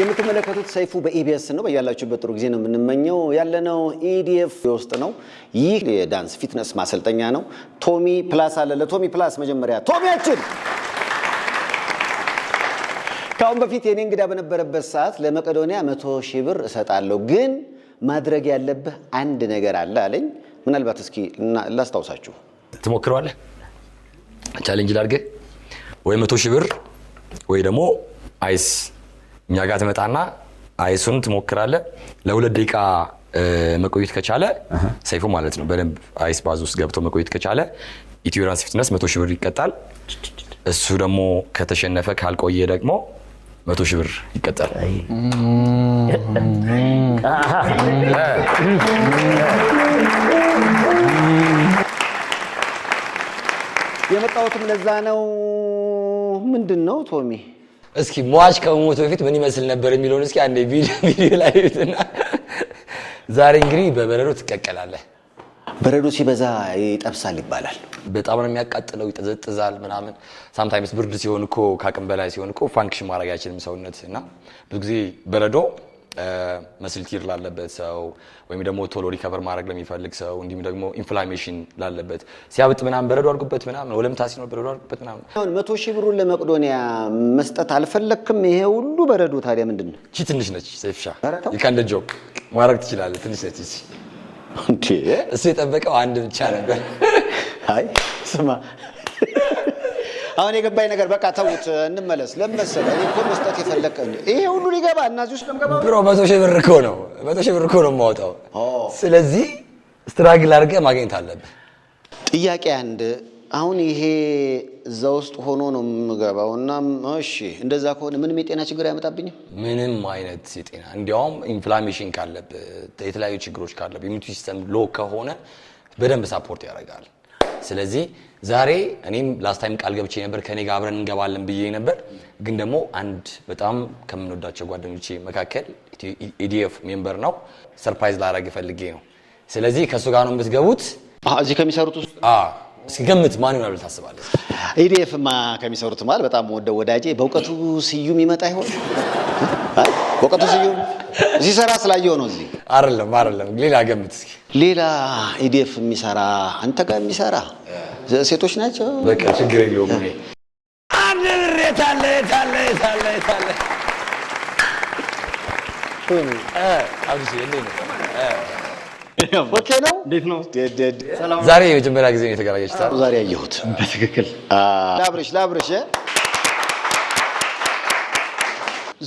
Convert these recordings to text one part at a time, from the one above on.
የምትመለከቱት ሰይፉ በኢቢኤስ ነው። በያላችሁበት ጥሩ ጊዜ ነው የምንመኘው። ያለነው ኢዲኤፍ ውስጥ ነው። ይህ የዳንስ ፊትነስ ማሰልጠኛ ነው። ቶሚ ፕላስ አለ። ለቶሚ ፕላስ መጀመሪያ ቶሚያችን ከአሁን በፊት የኔ እንግዳ በነበረበት ሰዓት ለመቄዶንያ መቶ ሺህ ብር እሰጣለሁ፣ ግን ማድረግ ያለብህ አንድ ነገር አለ አለኝ። ምናልባት እስኪ ላስታውሳችሁ። ትሞክረዋለህ? ቻሌንጅ ላድርገህ? ወይ መቶ ሺህ ብር ወይ ደግሞ አይስ እኛ ጋር ትመጣና አይሱን ትሞክራለ። ለሁለት ደቂቃ መቆየት ከቻለ ሰይፉ ማለት ነው በደንብ አይስ ባዝ ውስጥ ገብቶ መቆየት ከቻለ ኢትዮራንስ ፊትነስ መቶ ሺህ ብር ይቀጣል። እሱ ደግሞ ከተሸነፈ ካልቆየ ደግሞ መቶ ሺህ ብር ይቀጣል። የመጣሁትም ለዛ ነው። ምንድን ነው ቶሚ እስኪ ሟች ከመሞቱ በፊት ምን ይመስል ነበር የሚለውን እስኪ አንዴ ቪዲዮ ላይ እዩትና፣ ዛሬ እንግዲህ በበረዶ ትቀቀላለህ። በረዶ ሲበዛ ይጠብሳል ይባላል። በጣም ነው የሚያቃጥለው፣ ይጠዘጥዛል ምናምን። ሳምታይምስ ብርድ ሲሆን እኮ ከአቅም በላይ ሲሆን እኮ ፋንክሽን ማድረግ አይችልም ሰውነት እና ብዙ ጊዜ በረዶ መስልቲር ላለበት ሰው ወይም ደግሞ ቶሎ ሪከቨር ማድረግ ለሚፈልግ ሰው እንዲሁም ደግሞ ኢንፍላሜሽን ላለበት ሲያብጥ ምናምን በረዶ አድርጉበት ምናምን ወለምታ ሲኖር በረዶ አድርጉበት ምናምን። አሁን መቶ ሺህ ብሩን ለመቅዶኒያ መስጠት አልፈለክም? ይሄ ሁሉ በረዶ ታዲያ ምንድን ነው? ቺ ትንሽ ነች። ሴፍሻ ይካንደ ጆክ ማድረግ ትችላለህ። ትንሽ ነች እ እሱ የጠበቀው አንድ ብቻ ነበር። አይ ስማ አሁን የገባኝ ነገር በቃ ተውት፣ እንመለስ። ለመሰለ መሰለህ እኮ መስጠት የፈለቀ ይሄ ሁሉ ሊገባ እናዚህ ውስጥ ለምገባ ብሮ መቶ ሺህ ብር እኮ ነው መቶ ሺህ ብር እኮ ነው የማወጣው። ስለዚህ ስትራግል አድርገህ ማግኘት አለብህ። ጥያቄ አንድ አሁን ይሄ እዛ ውስጥ ሆኖ ነው የምገባው። እና እሺ እንደዛ ከሆነ ምንም የጤና ችግር አያመጣብኝም? ምንም አይነት የጤና እንዲያውም ኢንፍላሜሽን ካለብህ የተለያዩ ችግሮች ካለብህ ኢሚኒቲ ሲስተም ሎ ከሆነ በደንብ ሳፖርት ያደርጋል። ስለዚህ ዛሬ እኔም ላስት ታይም ቃል ገብቼ ነበር ከኔ ጋር አብረን እንገባለን ብዬ ነበር። ግን ደግሞ አንድ በጣም ከምንወዳቸው ጓደኞቼ መካከል ኢዲኤፍ e ሜምበር ነው፣ ሰርፕራይዝ ላረግ ፈልጌ ነው። ስለዚህ ከእሱ ጋር ነው የምትገቡት። እዚህ ከሚሰሩት ውስጥ እስኪገምት ማን ይሆናል ብለህ ታስባለህ? E ማ ከሚሰሩት ማል በጣም ወደ ወዳጄ በእውቀቱ ስዩም ይመጣ ይሆን? በእውቀቱ ስዩም ሲሰራ ስላየው ነው። እዚህ አይደለም አይደለም። ሌላ ገምት እስኪ። ሌላ ኢዴፍ የሚሰራ አንተ ጋር የሚሰራ ሴቶች ናቸው። በቃ ችግር የለውም። አንድ ብር የት አለ? የት አለ? የት አለ? የት አለ? ኦኬ ነው። እንዴት ነው? ዛሬ የመጀመሪያ ጊዜ ነው የተገናኘች። ዛሬ አየሁት። በትክክል ላብርሽ፣ ላብርሽ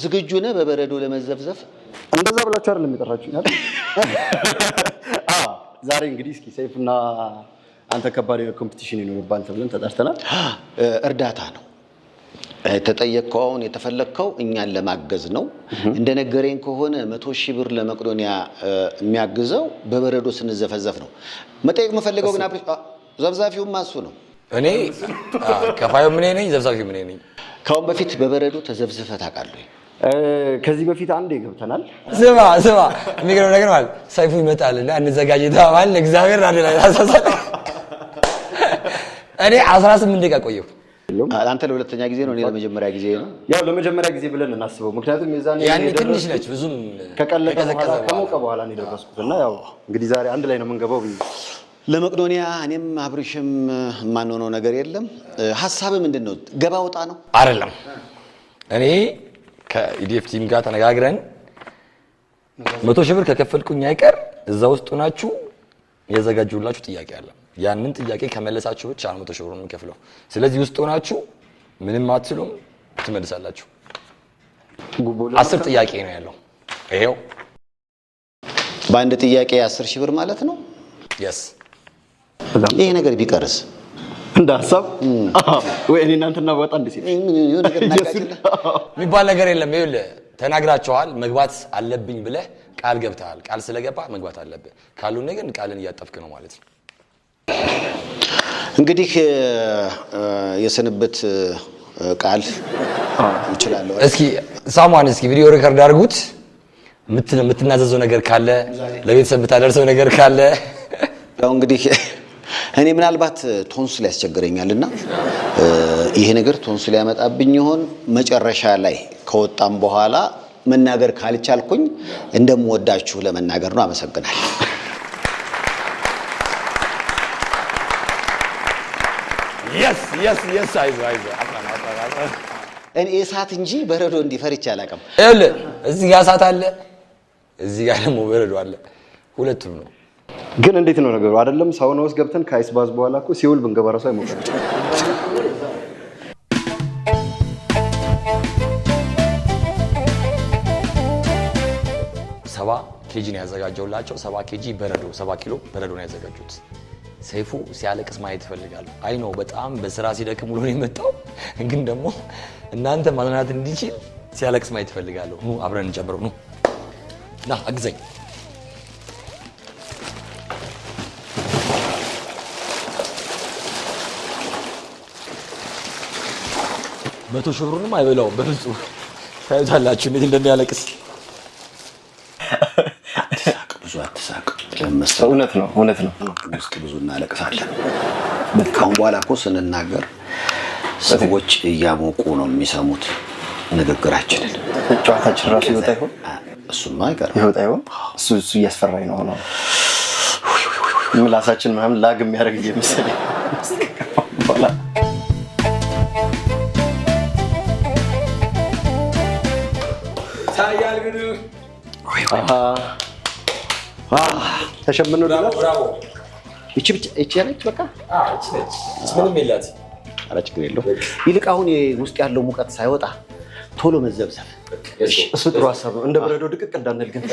ዝግጁ ነህ በበረዶ ለመዘፍዘፍ? እንደዛ ብላችሁ አይደለም የጠራችሁኝ። ዛሬ እንግዲህ እስኪ ሰይፍና አንተ ከባድ ኮምፒቲሽን ይኖርባል ተብለን ተጠርተናል። እርዳታ ነው ተጠየቅከው። አሁን የተፈለግከው እኛን ለማገዝ ነው። እንደነገረኝ ከሆነ መቶ ሺህ ብር ለመቅዶኒያ የሚያግዘው በበረዶ ስንዘፈዘፍ ነው። መጠየቅ የምፈልገው ግን ዘብዛፊውም እሱ ነው። እኔ ከፋዩ ምን ነኝ? ዘብዛፊው ምን ነኝ? ከአሁን በፊት በበረዶ ተዘብዝፈ ታውቃለህ? ከዚህ በፊት አንዴ ገብተናል። ስማ ስማ፣ የሚገርም ነገር ማለት ሰይፉ ይመጣል እና እንዘጋጅ ተባባልን። እግዚአብሔር ናደላ ሳሳት እኔ 18 ደቂቃ ቆየሁ። አንተ ለሁለተኛ ጊዜ ነው፣ እኔ ለመጀመሪያ ጊዜ ነው። ያው ለመጀመሪያ ጊዜ ብለን እናስበው፣ ምክንያቱም የዛኔ ያኔ ትንሽ ነች፣ ብዙም ከቀለቀ በኋላ ከሞቀ በኋላ ነው የደረስኩት እና ያው እንግዲህ ዛሬ አንድ ላይ ነው የምንገባው ብዬ ለመቅዶኒያ እኔም አብርሽም የማንሆነው ነገር የለም። ሀሳብ ምንድን ነው? ገባ ወጣ ነው አይደለም እኔ ከኢዲኤፍ ቲም ጋር ተነጋግረን መቶ ሺህ ብር ከከፈልኩኝ አይቀር እዛ ውስጥ ሆናችሁ ያዘጋጁላችሁ ጥያቄ አለ። ያንን ጥያቄ ከመለሳችሁ ብቻ ነው መቶ ሺህ ብር የሚከፍለው። ስለዚህ ውስጥ ሆናችሁ ምንም አትሉም ትመልሳላችሁ። አስር ጥያቄ ነው ያለው። ይሄው በአንድ ጥያቄ አስር ሺህ ብር ማለት ነው። የስ ይሄ ነገር ቢቀርስ እንደ ሀሳብ ወይ እኔ እናንተና የሚባል ነገር የለም። ይኸውልህ ተናግራቸዋል። መግባት አለብኝ ብለህ ቃል ገብተሃል። ቃል ስለገባ መግባት አለብህ። ካልሆነ ነገር ቃልን እያጠፍክ ነው ማለት ነው። እንግዲህ የስንብት ቃል እችላለሁ። እስኪ ሳሟን እስኪ ቪዲዮ ሪከርድ አድርጉት። የምትናዘዘው ነገር ካለ ለቤተሰብ የምታደርሰው ነገር ካለ ያው እንግዲህ እኔ ምናልባት ቶንስል ያስቸግረኛል እና ይሄ ነገር ቶንስል ያመጣብኝ ይሆን? መጨረሻ ላይ ከወጣም በኋላ መናገር ካልቻልኩኝ እንደምወዳችሁ ለመናገር ነው። አመሰግናል። እኔ እሳት እንጂ በረዶ እንዲፈር ይቻላል። እዚህ ጋር እሳት አለ፣ እዚህ ጋር ደግሞ በረዶ አለ። ሁለቱም ነው ግን እንዴት ነው ነገሩ? አይደለም ሳውና ውስጥ ገብተን ከአይስ ባዝ በኋላ እኮ ሲውል ብንገባ ራሱ አይሞቀም። ሰባ ኬጂ ነው ያዘጋጀውላቸው። ሰባ ኬጂ በረዶ፣ ሰባ ኪሎ በረዶ ነው ያዘጋጁት። ሰይፉ ሲያለቅስ ማየት ይፈልጋሉ። አይ ነው በጣም በስራ ሲደክም ውሎ ነው የመጣው። ግን ደግሞ እናንተ ማዝናናት እንዲችል ሲያለቅስ ማየት ይፈልጋሉ። ኑ አብረን እንጨምረው። ኑ ና አግዘኝ መቶ ሺህ ብሩንም አይበላውም በፍጹም። ታዩታላችሁ እንዴት እንደሚያለቅስ። ብዙ አትሳቅ። እውነት ነው፣ እውነት ነው። ውስጥ ብዙ እናለቅሳለን። ካሁን በኋላ እኮ ስንናገር ሰዎች እያሞቁ ነው የሚሰሙት ንግግራችንን። ጨዋታችን ራሱ ይወጣ ይሆን? እሱማ አይቀርም ይወጣ ይሆን? እሱ እሱ እያስፈራኝ ነው ሆነ ምላሳችን ምናምን ላግ የሚያደርግ እየመሰለኝ ተሸምኖ ይቺ ያለች በቃ ምንም የላት። ኧረ ችግር የለውም። ይልቅ አሁን ውስጥ ያለው ሙቀት ሳይወጣ ቶሎ መዘብዘብ እሱ ጥሩ ሀሳብ ነው። እንደ በረዶ ድቅቅ እንዳንል ግን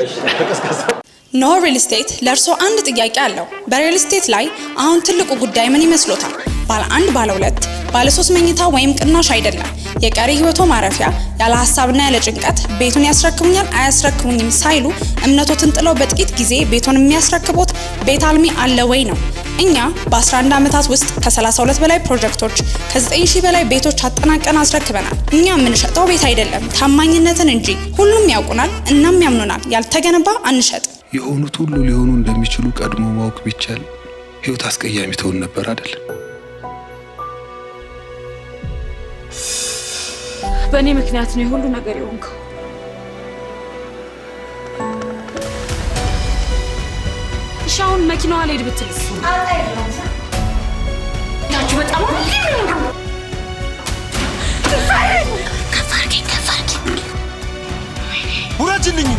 ኖ ሪል ስቴት ለእርስዎ አንድ ጥያቄ አለው። በሪል ስቴት ላይ አሁን ትልቁ ጉዳይ ምን ይመስሎታል? ባለ አንድ፣ ባለ ሁለት፣ ባለ ሶስት መኝታ ወይም ቅናሽ አይደለም። የቀሪ ህይወቶ ማረፊያ ያለ ሀሳብና ያለ ጭንቀት ቤቱን ያስረክቡኛል አያስረክቡኝም ሳይሉ እምነቶትን ጥለው በጥቂት ጊዜ ቤቱን የሚያስረክቡት ቤት አልሚ አለ ወይ ነው። እኛ በ11 ዓመታት ውስጥ ከ32 በላይ ፕሮጀክቶች ከ9000 በላይ ቤቶች አጠናቀን አስረክበናል። እኛ የምንሸጠው ቤት አይደለም ታማኝነትን እንጂ። ሁሉም ያውቁናል፣ እናም ያምኑናል። ያልተገነባ አንሸጥ። የሆኑት ሁሉ ሊሆኑ እንደሚችሉ ቀድሞ ማወቅ ቢቻል ህይወት አስቀያሚ ትሆን ነበር አይደለም በእኔ ምክንያት ነው የሁሉ ነገር የሆንከው። እሺ አሁን መኪናዋ ልሄድ ብትልስ? በጣም ውረጅልኝ።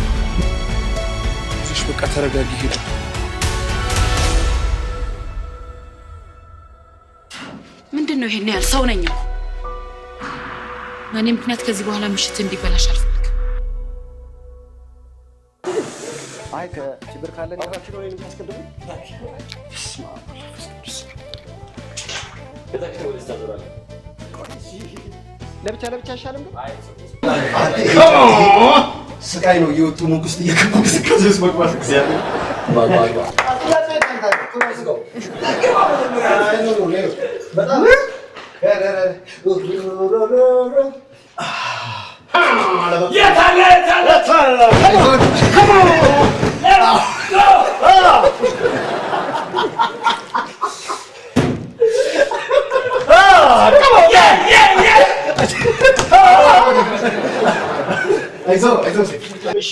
በቃ ተረጋጊ፣ ሄዱ ምንድን ነው ይሄን ያህል ሰው ነኝ። በእኔ ምክንያት ከዚህ በኋላ ምሽት እንዲበላሽ አልፈልግም። ለብቻ ለብቻ አይሻልም? ስቃይ ነው እየወጡ ሙቅ ውስጥ እየገቡ መግባት እግዚአብሔር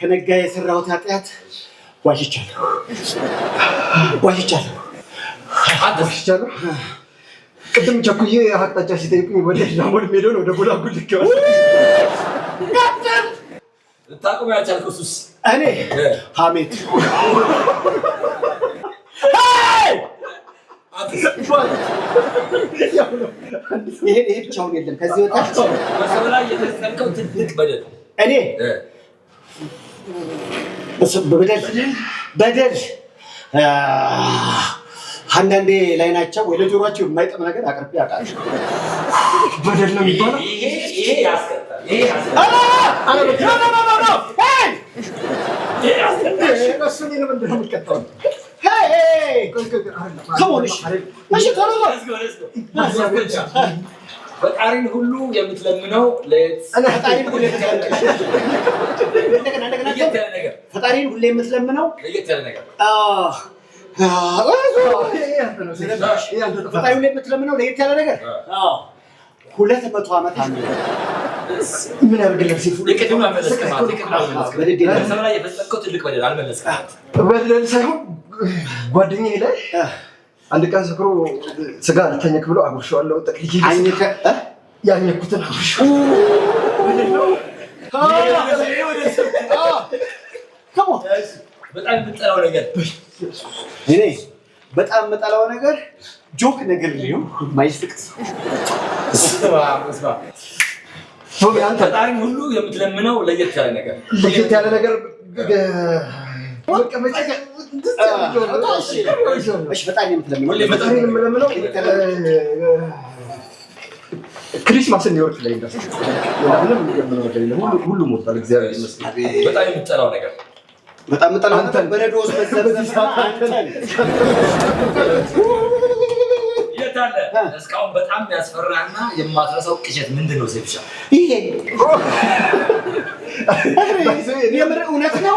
ከነጋ የሰራሁት ኃጢአት ዋሽቻለሁ፣ ዋሽቻለሁ፣ ዋሽቻለሁ። ቅድም ቸኩዬ አቅጣጫ ሲጠይቁኝ ወደ ላሞል ሜዶን ወደ ቦላጉል ልኬዋለሁ። ታቁም ያልቻልከው እሱስ እኔ ሀሜት ይሄ ብቻውን የለም። ከዚህ ወጣ እኔ በደል አንዳንዴ ላይ ናቸው ወይ ለጆሮአቸው ነገር አቅርቤ አውቃለሁ። በደል ነው የሚባለው። ፈጣሪን ሁሉ የምትለምነው ፈጣሪን ሁሉ የምትለምነው ለየት ያለ ነገር ፈጣሪ ለየት ያለ ነገር ሁለት መቶ ዓመት አንዱ ምን ያደርግልህ? ሲፉ በደል ሳይሆን ጓደኛዬ ላይ አንድ ቀን ሰክሮ ስጋ ልተኝክ ብሎ አጉርሸዋለሁ። ጠቅልዬ ያኘኩትን በጣም የምጠላው ነገር ጆክ ነገር ነው። ማይስክት ፈጣሪ ሁሉ የምትለምነው ለየት ያለ ነገር ለየት ያለ ነገር ክሪስማስ ኒውዮርክ ላይ ሁሉም ወጣል። እግዚአብሔር ይመስገን። በጣም የምጠላው ነገር በጣም የምጠላው በረዶ ውስጥ እስካሁን በጣም ያስፈራና የማትረሳው ቅዠት ምንድን ነው? ሴብሻ ይሄ የምር እውነት ነው።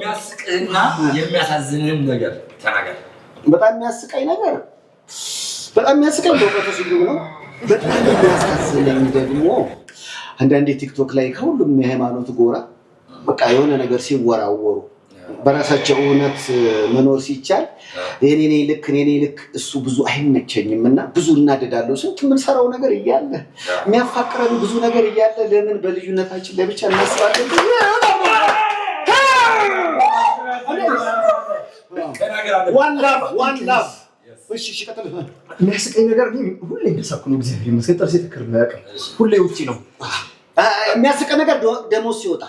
የሚያስቅህና የሚያሳዝንህን ነገር ተናገር። በጣም የሚያስቀኝ ነገር በጣም የሚያስቀኝ በእውቀቱ ሲሉ ነው። በጣም የሚያሳዝነኝ ደግሞ አንዳንዴ ቲክቶክ ላይ ከሁሉም የሃይማኖት ጎራ በቃ የሆነ ነገር ሲወራወሩ በራሳቸው እውነት መኖር ሲቻል የኔ እኔ ልክ እኔ ልክ እሱ ብዙ አይመቸኝም እና ብዙ እናደዳለሁ። ስንት የምንሰራው ነገር እያለ የሚያፋቅረን ብዙ ነገር እያለ ለምን በልዩነታችን ለብቻ እናስባለን? የሚያስቀኝ ነገር ግን ሁሌ እንደሳኩ ነው። እግዚአብሔር ይመስገን ጥርሴ ተከርቦ አያውቅም። ሁሌ ውጪ ነው። የሚያስቀኝ ነገር ደሞዝ ሲወጣ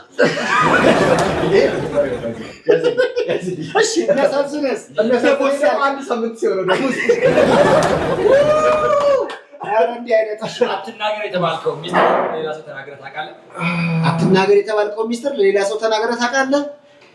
አትናገር የተባልከው ሚስጥር ለሌላ ሰው ተናግረህ ታውቃለህ?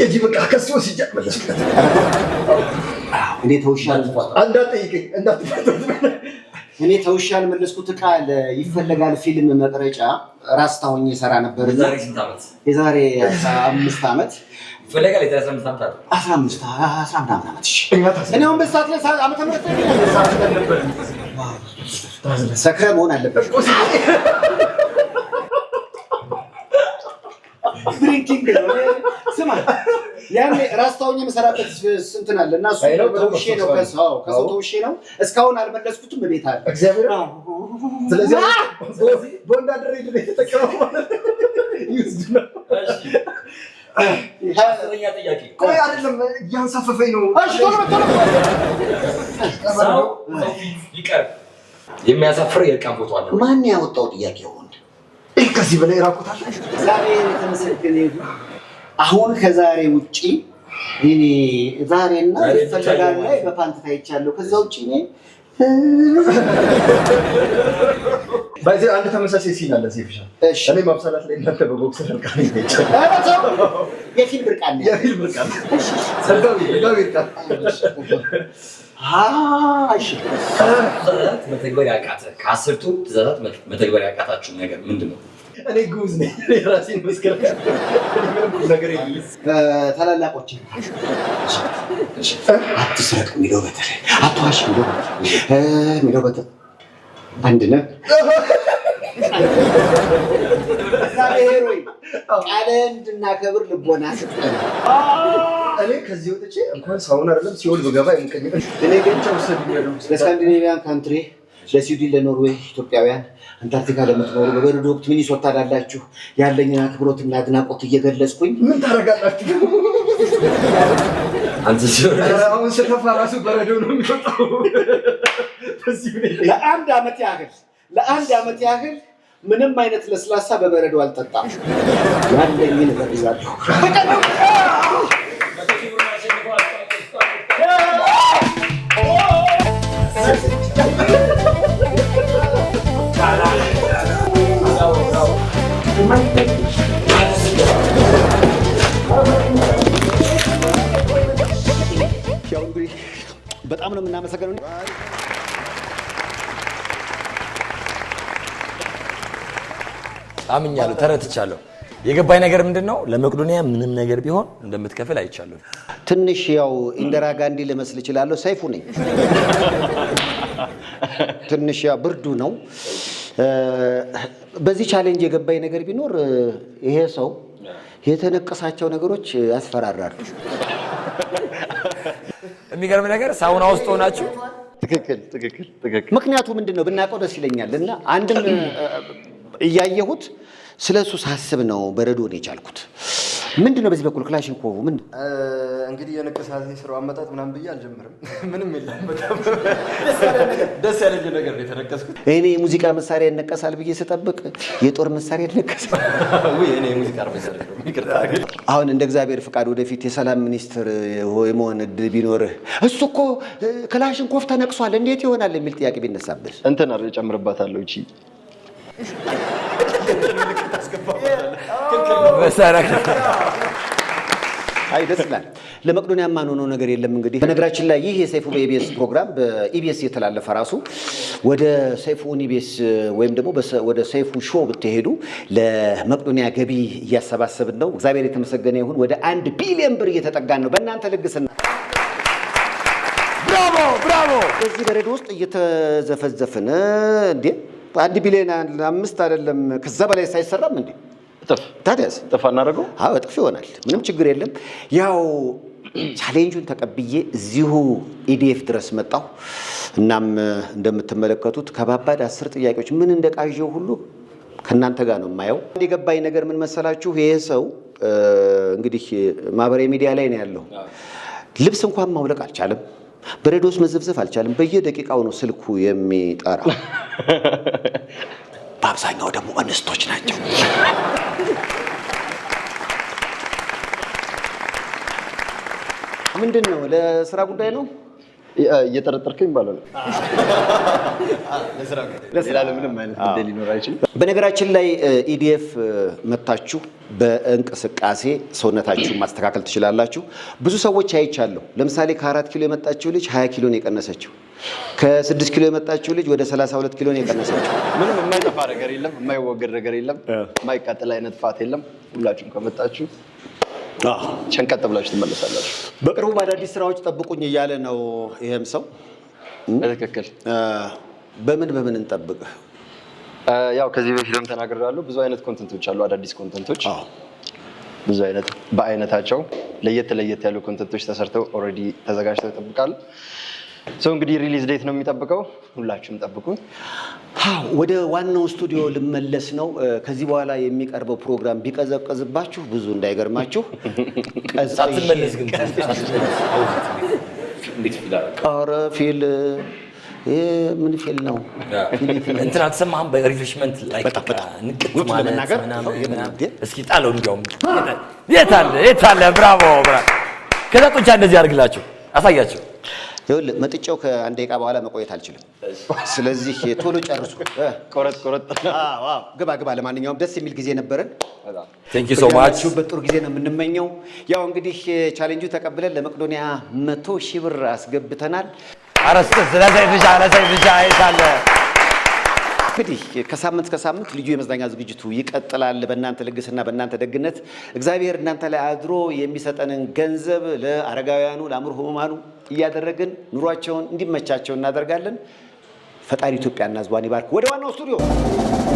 የዚህ በቃ ከሱ ሲጀምር መለስበት። እኔ ተውሻል እንዳትጠይቀኝ እኔ ተውሻል መለስኩት። ዕቃ ይፈለጋል ፊልም መቅረጫ ራስ ታውኝ የሰራ ነበር የዛሬ አምስት ዓመት ሰክረ መሆን አለበት ድሪንኪንግ ነው። ስማ ያኔ ራስታውኝ የምሰራበት ስንትን አለ እና እሱ ተውሼ ነው ከሰው ተውሼ ነው። እስካሁን አልመለስኩትም። ቤት አለ እግዚአብሔር። ስለዚህ ቦንዳ ድሬ የተጠቀመው ቆይ አይደለም፣ እያንሳፈፈኝ ነው። ይቀር የሚያሳፍር የእርቃን ቦታ አለ። ማን ያወጣው ጥያቄ ሆን ከዚህ በላይ ራቁታል። እግዚአብሔር የተመሰገነ አሁን ከዛሬ ውጭ እኔ ዛሬና ፈለጋል ላይ በፓንት ታይቻለሁ። ከዛ ውጭ እኔ በዚህ አንድ ተመሳሳይ ሲን አለ። ሴፍሻ እኔ ማብሰላት ላይ እናንተ በቦክስ የፊልም የፊልም መተግበር ያቃተ ከአስርቱ ትእዛዛት መተግበር ያቃታችሁ ነገር ምንድን ነው? እኔ ጉዝ ነኝ። ራሴን መስከርከር ነገር ታላላቆች አትስረቅ የሚለው በተለይ አትዋሽ የሚለው በተለይ አንድ እግዚአብሔር ወይ እንድናከብር ልቦና ስጠን። እኔ ከዚህ ወጥቼ እንኳን አይደለም ሲሆን ብገባ እኔ ለስካንዲኔቪያን ካንትሪ ለስዊድን ለኖርዌይ ኢትዮጵያውያን አንታርክቲካ ለምትኖሩ በበረዶ ወቅት ሚኒሶታ ላላችሁ ያለኝን አክብሮትና አድናቆት እየገለጽኩኝ ምን ታረጋላችሁ? አሁን ስከፋ ራሱ በረዶ ነው የሚወጣው። ለአንድ ዓመት ያህል ለአንድ ዓመት ያህል ምንም አይነት ለስላሳ በበረዶ አልጠጣም። ያለኝን እበዛለሁ። በጣም ነው የምናመሰግነው። አምኛለሁ፣ ተረትቻለሁ። የገባኝ ነገር ምንድን ነው? ለመቅዶኒያ ምንም ነገር ቢሆን እንደምትከፍል አይቻለሁ። ትንሽ ያው ኢንደራ ጋንዲ ልመስል እችላለሁ። ሰይፉ ነኝ። ትንሽ ያው ብርዱ ነው። በዚህ ቻሌንጅ የገባኝ ነገር ቢኖር ይሄ ሰው የተነቀሳቸው ነገሮች ያስፈራራሉ። የሚገርም ነገር ሳውና ውስጥ ሆናችሁ ትክክል ትክክል ትክክል። ምክንያቱ ምንድን ነው ብናውቀው ደስ ይለኛል። እና አንድም እያየሁት ስለ እሱ ሳስብ ነው በረዶን የቻልኩት። ምንድን ነው በዚህ በኩል ክላሽንኮቭ? ምን እንግዲህ የንቅሳት ስራው አመጣት ምናምን ብዬ አልጀምርም። ምንም የለም። በጣም ደስ ያለኝ ነገር ነው የተነቀስኩት። እኔ የሙዚቃ መሳሪያ ይነቀሳል ብዬ ስጠብቅ የጦር መሳሪያ ይነቀሳል። አሁን እንደ እግዚአብሔር ፍቃድ ወደፊት የሰላም ሚኒስትር የመሆን እድል ቢኖርህ እሱ እኮ ክላሽንኮቭ ተነቅሷል እንዴት ይሆናል የሚል ጥያቄ ቢነሳብህ እንትን ጨምርባታለሁ እቺ አይ ደስ ይላል። ለመቅዶኒያ የማንሆነው ነገር የለም። እንግዲህ በነገራችን ላይ ይህ የሰይፉ በኢቢኤስ ፕሮግራም በኢቢኤስ እየተላለፈ ራሱ ወደ ሰይፉን ኢቢኤስ ወይም ደግሞ ወደ ሰይፉ ሾው ብትሄዱ ለመቅዶኒያ ገቢ እያሰባሰብን ነው። እግዚአብሔር የተመሰገነ ይሁን። ወደ አንድ ቢሊዮን ብር እየተጠጋን ነው በእናንተ ልግስና። ብራቮ ብራቮ። በዚህ በረዶ ውስጥ እየተዘፈዘፍን እንዴ አንድ ቢሊዮን አምስት አይደለም ከዛ በላይ ሳይሰራም እንዴ ታዲያስ ጥፍ አናደርገው? አዎ ጥፍ ይሆናል። ምንም ችግር የለም። ያው ቻሌንጁን ተቀብዬ እዚሁ ኢዲኤፍ ድረስ መጣሁ። እናም እንደምትመለከቱት ከባባድ አስር ጥያቄዎች ምን እንደ ቃዥው ሁሉ ከእናንተ ጋር ነው የማየው። አንድ የገባኝ ነገር ምን መሰላችሁ? ይሄ ሰው እንግዲህ ማህበራዊ ሚዲያ ላይ ነው ያለው። ልብስ እንኳን ማውለቅ አልቻለም። በሬዲዮስ መዘፍዘፍ አልቻለም። በየደቂቃው ነው ስልኩ የሚጠራ በአብዛኛው ደግሞ እንስቶች ናቸው። ምንድን ነው? ለስራ ጉዳይ ነው። እየጠረጠርከኝ ባልሆነ ለስራ ለምንም አይነት ሊኖር አይችልም። በነገራችን ላይ ኢዲኤፍ መታችሁ በእንቅስቃሴ ሰውነታችሁን ማስተካከል ትችላላችሁ። ብዙ ሰዎች አይቻለሁ። ለምሳሌ ከአራት ኪሎ የመጣችው ልጅ ሀያ ኪሎን የቀነሰችው፣ ከስድስት ኪሎ የመጣችው ልጅ ወደ ሰላሳ ሁለት ኪሎን የቀነሰችው። ምንም የማይጠፋ ነገር የለም፣ የማይወገድ ነገር የለም፣ የማይቃጠል አይነት ፋት የለም። ሁላችሁም ከመጣችሁ ሸንቀጥ ብላችሁ ትመለሳላችሁ። በቅርቡ በአዳዲስ ስራዎች ጠብቁኝ እያለ ነው ይሄም ሰው። ትክክል። በምን በምን እንጠብቅ? ያው ከዚህ በፊትም ተናግሬያለሁ። ብዙ አይነት ኮንተንቶች አሉ፣ አዳዲስ ኮንተንቶች ብዙ አይነት በአይነታቸው ለየት ለየት ያሉ ኮንተንቶች ተሰርተው ኦልሬዲ ተዘጋጅተው ይጠብቃሉ። ሰው እንግዲህ ሪሊዝ ዴት ነው የሚጠብቀው። ሁላችሁም ጠብቁኝ። ወደ ዋናው ስቱዲዮ ልመለስ ነው። ከዚህ በኋላ የሚቀርበው ፕሮግራም ቢቀዘቀዝባችሁ ብዙ እንዳይገርማችሁ። ኧረ ፊል ምን ፊል ነው እንትን አትሰማህም? በሪፍሬሽመንት እስኪ ጣለው። እንዲያውም የት አለ የት አለ? ብራቮ ብራ ከዛ ጡንቻ እንደዚህ አድርግላችሁ አሳያቸው ይኸውልህ መጥጨው ከአንድ ደቂቃ በኋላ መቆየት አልችልም። ስለዚህ ቶሎ ጨርሱ። ቆረጥ ቆረጥ። ግባ ግባ። ለማንኛውም ደስ የሚል ጊዜ ነበረን። ያላችሁበት በጥሩ ጊዜ ነው የምንመኘው። ያው እንግዲህ ቻሌንጁ ተቀብለን ለመቅዶኒያ መቶ ሺህ ብር አስገብተናል። አረስ እንግዲህ ከሳምንት ከሳምንት ልዩ የመዝናኛ ዝግጅቱ ይቀጥላል። በእናንተ ልግስና በእናንተ ደግነት እግዚአብሔር እናንተ ላይ አድሮ የሚሰጠንን ገንዘብ ለአረጋውያኑ፣ ለአእምሮ ሕሙማኑ እያደረግን ኑሯቸውን እንዲመቻቸው እናደርጋለን። ፈጣሪ ኢትዮጵያና ሕዝቧን ይባርክ። ወደ ዋናው ስቱዲዮ